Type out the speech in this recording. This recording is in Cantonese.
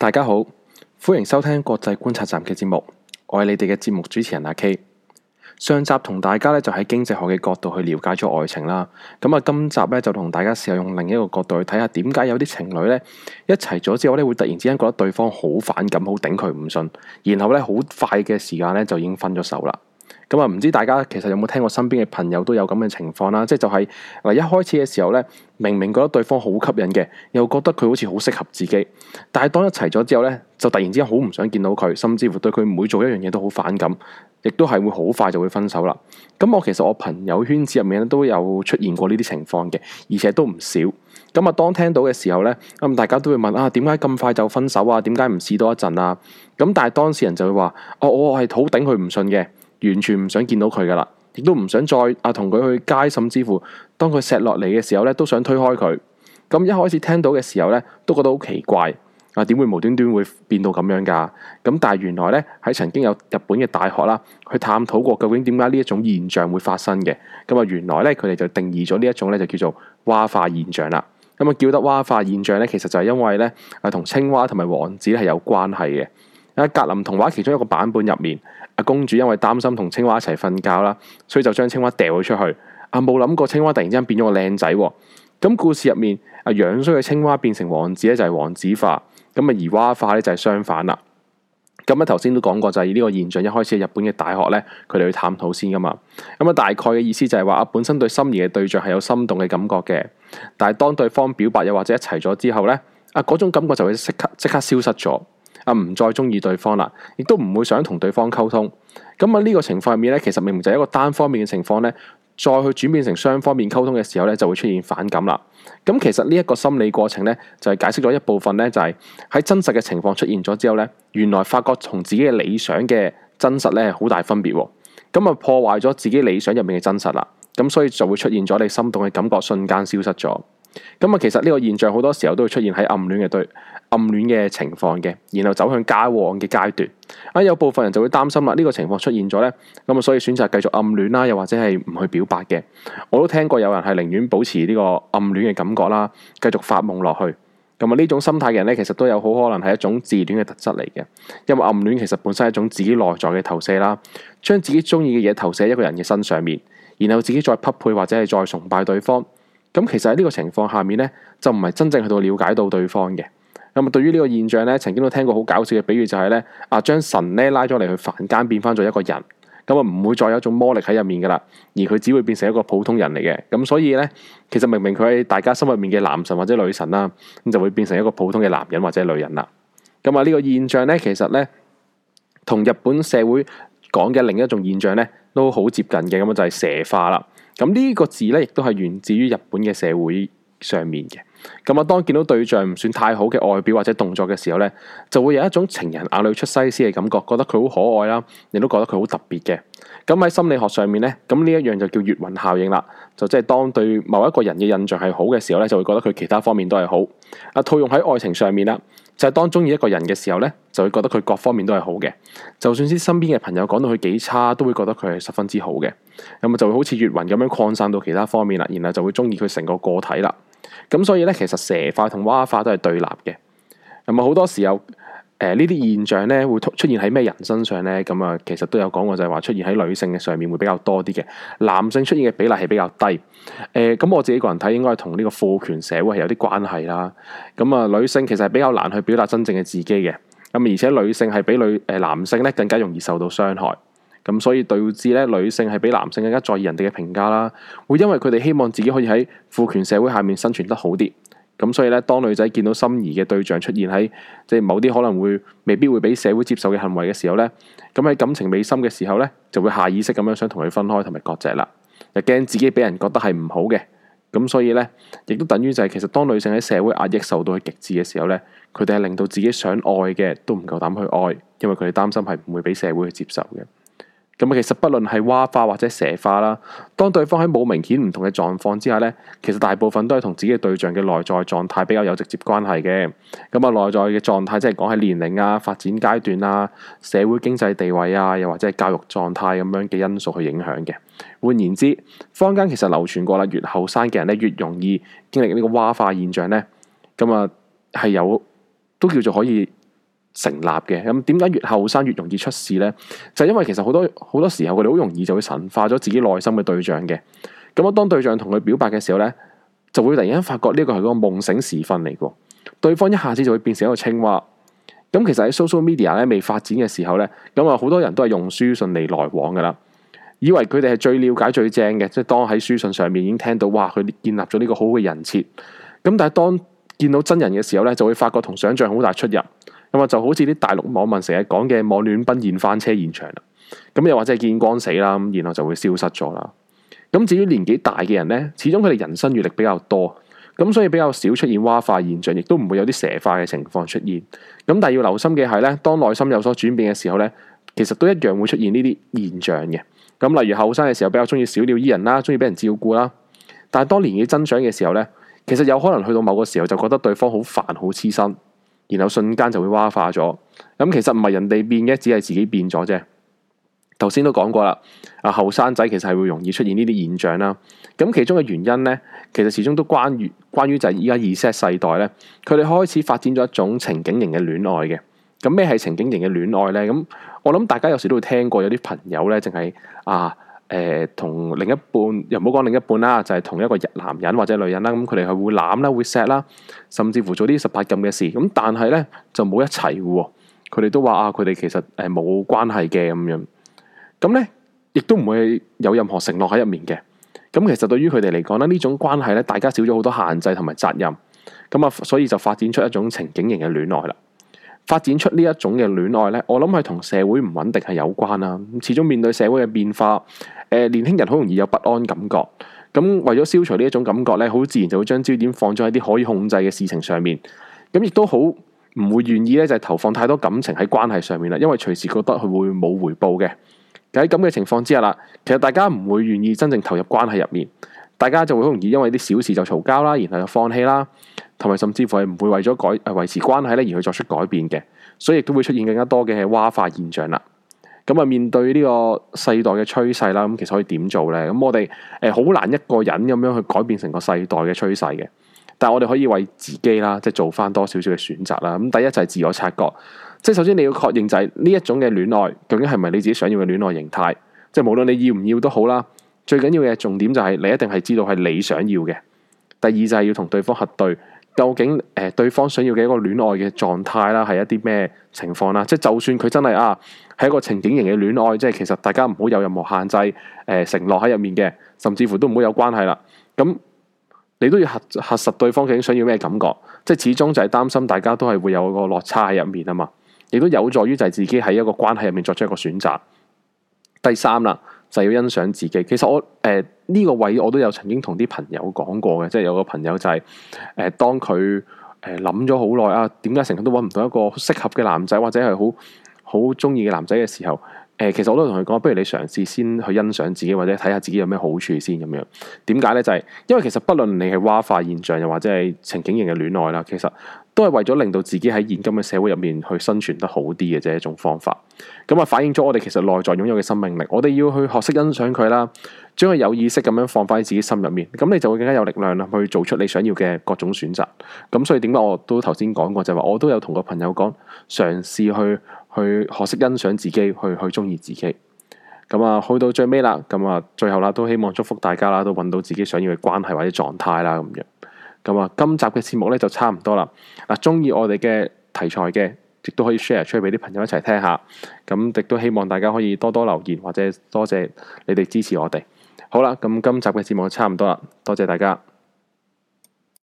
大家好，歡迎收聽國際觀察站嘅節目，我係你哋嘅節目主持人阿 K。上集同大家咧就喺經濟學嘅角度去了解咗愛情啦，咁啊今集咧就同大家試用另一個角度去睇下，點解有啲情侶咧一齊咗之後咧會突然之間覺得對方好反感，好頂佢唔順，然後咧好快嘅時間咧就已經分咗手啦。咁啊，唔知大家其實有冇聽過身邊嘅朋友都有咁嘅情況啦、啊？即係就係嗱，一開始嘅時候呢，明明覺得對方好吸引嘅，又覺得佢好似好適合自己，但係當一齊咗之後呢，就突然之間好唔想見到佢，甚至乎對佢唔會做一樣嘢都好反感，亦都係會好快就會分手啦。咁我其實我朋友圈子入面都有出現過呢啲情況嘅，而且都唔少。咁啊，當聽到嘅時候呢，咁大家都會問啊，點解咁快就分手啊？點解唔試多一陣啊？咁但係當事人就會話：哦，我係好頂佢唔順嘅。完全唔想見到佢噶啦，亦都唔想再啊同佢去街，甚至乎當佢錫落嚟嘅時候咧，都想推開佢。咁一開始聽到嘅時候咧，都覺得好奇怪，啊點會無端端會變到咁樣噶？咁但係原來咧，喺曾經有日本嘅大學啦，去探討過究竟點解呢一種現象會發生嘅。咁啊，原來咧，佢哋就定義咗呢一種咧就叫做蛙化現象啦。咁啊，叫得蛙化現象咧，其實就係因為咧啊同青蛙同埋王子係有關係嘅。喺格林童話其中一個版本入面，阿公主因為擔心同青蛙一齊瞓覺啦，所以就將青蛙掉咗出去。阿冇諗過青蛙突然之間變咗個靚仔。咁故事入面，阿樣衰嘅青蛙變成王子咧，就係王子化。咁啊，而蛙化咧就係相反啦。咁啊，頭先都講過就係呢個現象，一開始係日本嘅大學咧，佢哋去探討先噶嘛。咁啊，大概嘅意思就係話啊，本身對心儀嘅對象係有心動嘅感覺嘅，但係當對方表白又或者一齊咗之後咧，啊嗰種感覺就會即刻即刻消失咗。啊！唔再中意對方啦，亦都唔會想同對方溝通。咁喺呢個情況入面咧，其實明明就係一個單方面嘅情況咧，再去轉變成雙方面溝通嘅時候咧，就會出現反感啦。咁其實呢一個心理過程咧，就係解釋咗一部分咧，就係喺真實嘅情況出現咗之後咧，原來發覺同自己嘅理想嘅真實咧，好大分別喎。咁啊，破壞咗自己理想入面嘅真實啦。咁所以就會出現咗你心動嘅感覺，瞬間消失咗。咁啊，其實呢個現象好多時候都會出現喺暗戀嘅對暗戀嘅情況嘅，然後走向交往嘅階段。啊，有部分人就會擔心啦，呢個情況出現咗呢。咁啊，所以選擇繼續暗戀啦，又或者係唔去表白嘅。我都聽過有人係寧願保持呢個暗戀嘅感覺啦，繼續發夢落去。咁啊，呢種心態嘅人呢，其實都有好可能係一種自戀嘅特質嚟嘅，因為暗戀其實本身係一種自己內在嘅投射啦，將自己中意嘅嘢投射喺一個人嘅身上面，然後自己再匹配或者係再崇拜對方。咁其實喺呢個情況下面呢，就唔係真正去到了解到對方嘅。咁啊，對於呢個現象呢，曾經都聽過好搞笑嘅比喻，就係，就係呢：「啊將神呢，拉咗嚟去凡間，變翻做一個人，咁啊唔會再有一種魔力喺入面噶啦，而佢只會變成一個普通人嚟嘅。咁所以呢，其實明明佢係大家心入面嘅男神或者女神啦，咁就會變成一個普通嘅男人或者女人啦。咁啊，呢個現象呢，其實呢，同日本社會講嘅另一種現象呢，都好接近嘅，咁就係蛇化啦。咁呢個字咧，亦都係源自於日本嘅社會上面嘅。咁啊，當見到對象唔算太好嘅外表或者動作嘅時候呢，就會有一種情人眼裏出西施嘅感覺，覺得佢好可愛啦，亦都覺得佢好特別嘅。咁喺心理學上面呢，咁呢一樣就叫月暈效應啦。就即係當對某一個人嘅印象係好嘅時候呢，就會覺得佢其他方面都係好啊。套用喺愛情上面啦，就係、是、當中意一個人嘅時候呢，就會覺得佢各方面都係好嘅。就算知身邊嘅朋友講到佢幾差，都會覺得佢係十分之好嘅。咁啊，就會好似月暈咁樣擴散到其他方面啦，然後就會中意佢成個個體啦。咁所以咧，其實蛇化同蛙化都係對立嘅，同埋好多時候誒呢啲現象咧，會出現喺咩人身上咧？咁、嗯、啊，其實都有講過，就係話出現喺女性嘅上面會比較多啲嘅，男性出現嘅比例係比較低。誒、呃、咁、嗯、我自己個人睇，應該係同呢個父權社會係有啲關係啦。咁、嗯、啊、呃，女性其實係比較難去表達真正嘅自己嘅，咁、嗯、而且女性係比女誒、呃、男性咧更加容易受到傷害。咁所以導致咧，女性係比男性更加在意人哋嘅評價啦。會因為佢哋希望自己可以喺父權社會下面生存得好啲。咁所以咧，當女仔見到心儀嘅對象出現喺即係某啲可能會未必會俾社會接受嘅行為嘅時候咧，咁喺感情未深嘅時候咧，就會下意識咁樣想同佢分開同埋割席啦。就驚自己俾人覺得係唔好嘅，咁所以咧，亦都等於就係其實當女性喺社會壓抑受到極致嘅時候咧，佢哋係令到自己想愛嘅都唔夠膽去愛，因為佢哋擔心係唔會俾社會去接受嘅。咁啊，其實不論係蛙化或者蛇化啦，當對方喺冇明顯唔同嘅狀況之下呢，其實大部分都係同自己嘅對象嘅內在狀態比較有直接關係嘅。咁、嗯、啊，內在嘅狀態即係講喺年齡啊、發展階段啊、社會經濟地位啊，又或者係教育狀態咁樣嘅因素去影響嘅。換言之，坊間其實流傳過啦，越後生嘅人呢，越容易經歷呢個蛙化現象呢。咁、嗯、啊，係有都叫做可以。成立嘅咁，點解越後生越容易出事呢？就係因為其實好多好多時候，佢哋好容易就會神化咗自己內心嘅對象嘅。咁我當對象同佢表白嘅時候呢，就會突然間發覺呢個係個夢醒時分嚟嘅。對方一下子就會變成一個青蛙。咁其實喺 social media 咧未發展嘅時候呢，咁啊好多人都係用書信嚟來往噶啦，以為佢哋係最了解最正嘅。即係當喺書信上面已經聽到，哇！佢建立咗呢個好好嘅人設。咁但係當見到真人嘅時候呢，就會發覺同想象好大出入。咁啊，就好似啲大陸網民成日講嘅網戀奔現翻車現場啦，咁又或者係見光死啦，咁然後就會消失咗啦。咁至於年紀大嘅人呢，始終佢哋人生閱歷比較多，咁所以比較少出現蛙化現象，亦都唔會有啲蛇化嘅情況出現。咁但係要留心嘅係呢，當內心有所轉變嘅時候呢，其實都一樣會出現呢啲現象嘅。咁例如後生嘅時候比較中意小鳥依人啦，中意俾人照顧啦，但係當年紀增長嘅時候呢，其實有可能去到某個時候就覺得對方好煩，好黐身。然後瞬間就會蛙化咗，咁其實唔係人哋變嘅，只係自己變咗啫。頭先都講過啦，啊後生仔其實係會容易出現呢啲現象啦。咁其中嘅原因呢，其實始終都關於關於就係依家 Z 世代呢，佢哋開始發展咗一種情景型嘅戀愛嘅。咁咩係情景型嘅戀愛呢？咁我諗大家有時都會聽過有啲朋友呢，淨係啊～誒、呃、同另一半又唔好講另一半啦，就係、是、同一個男人或者女人啦。咁佢哋係會攬啦，會錫啦，甚至乎做啲十八禁嘅事。咁但係呢，就冇一齊嘅喎。佢哋都話啊，佢哋其實誒冇關係嘅咁樣。咁呢，亦都唔會有任何承諾喺入面嘅。咁其實對於佢哋嚟講呢，呢種關係呢，大家少咗好多限制同埋責任。咁啊，所以就發展出一種情景型嘅戀愛啦。發展出呢一種嘅戀愛呢，我諗係同社會唔穩定係有關啦。咁始終面對社會嘅變化，年輕人好容易有不安感覺。咁為咗消除呢一種感覺呢，好自然就會將焦點放咗喺啲可以控制嘅事情上面。咁亦都好唔會願意呢就係投放太多感情喺關係上面啦。因為隨時覺得佢會冇回報嘅。喺咁嘅情況之下啦，其實大家唔會願意真正投入關係入面。大家就會好容易因為啲小事就嘈交啦，然後就放棄啦，同埋甚至乎係唔會為咗改維持關係咧而去作出改變嘅，所以亦都會出現更加多嘅蛙化現象啦。咁啊，面對呢個世代嘅趨勢啦，咁其實可以點做呢？咁我哋誒好難一個人咁樣去改變成個世代嘅趨勢嘅，但係我哋可以為自己啦，即係做翻多少少嘅選擇啦。咁第一就係自我察覺，即係首先你要確認就係呢一種嘅戀愛究竟係咪你自己想要嘅戀愛形態，即係無論你要唔要都好啦。最緊要嘅重點就係你一定係知道係你想要嘅。第二就係要同對方核對，究竟誒對方想要嘅一個戀愛嘅狀態啦，係一啲咩情況啦？即係就算佢真係啊，係一個情境型嘅戀愛，即係其實大家唔好有任何限制誒、呃、承諾喺入面嘅，甚至乎都唔好有關係啦。咁你都要核核實對方究竟想要咩感覺？即係始終就係擔心大家都係會有個落差喺入面啊嘛。亦都有助於就係自己喺一個關係入面作出一個選擇。第三啦。就要欣賞自己。其實我誒呢個位我都有曾經同啲朋友講過嘅，即係有個朋友就係誒當佢誒諗咗好耐啊，點解成日都揾唔到一個適合嘅男仔，或者係好好中意嘅男仔嘅時候，誒其實我都同佢講，不如你嘗試先去欣賞自己，或者睇下自己有咩好處先咁樣。點解咧？就係因為其實不論你係蛙化現象，又或者係情景型嘅戀愛啦，其實。都係為咗令到自己喺現今嘅社會入面去生存得好啲嘅，即係一種方法。咁啊，反映咗我哋其實內在擁有嘅生命力。我哋要去學識欣賞佢啦，將佢有意識咁樣放翻喺自己心入面。咁你就會更加有力量啦，去做出你想要嘅各種選擇。咁所以點解我都頭先講過，就係話我都有同個朋友講，嘗試去去學識欣賞自己，去去中意自己。咁啊，去到最尾啦，咁啊，最後啦，都希望祝福大家啦，都揾到自己想要嘅關係或者狀態啦，咁樣。咁啊，今集嘅節目咧就差唔多啦。嗱，中意我哋嘅題材嘅，亦都可以 share 出去俾啲朋友一齊聽一下。咁亦都希望大家可以多多留言，或者多謝你哋支持我哋。好啦，咁今集嘅節目就差唔多啦，多謝大家。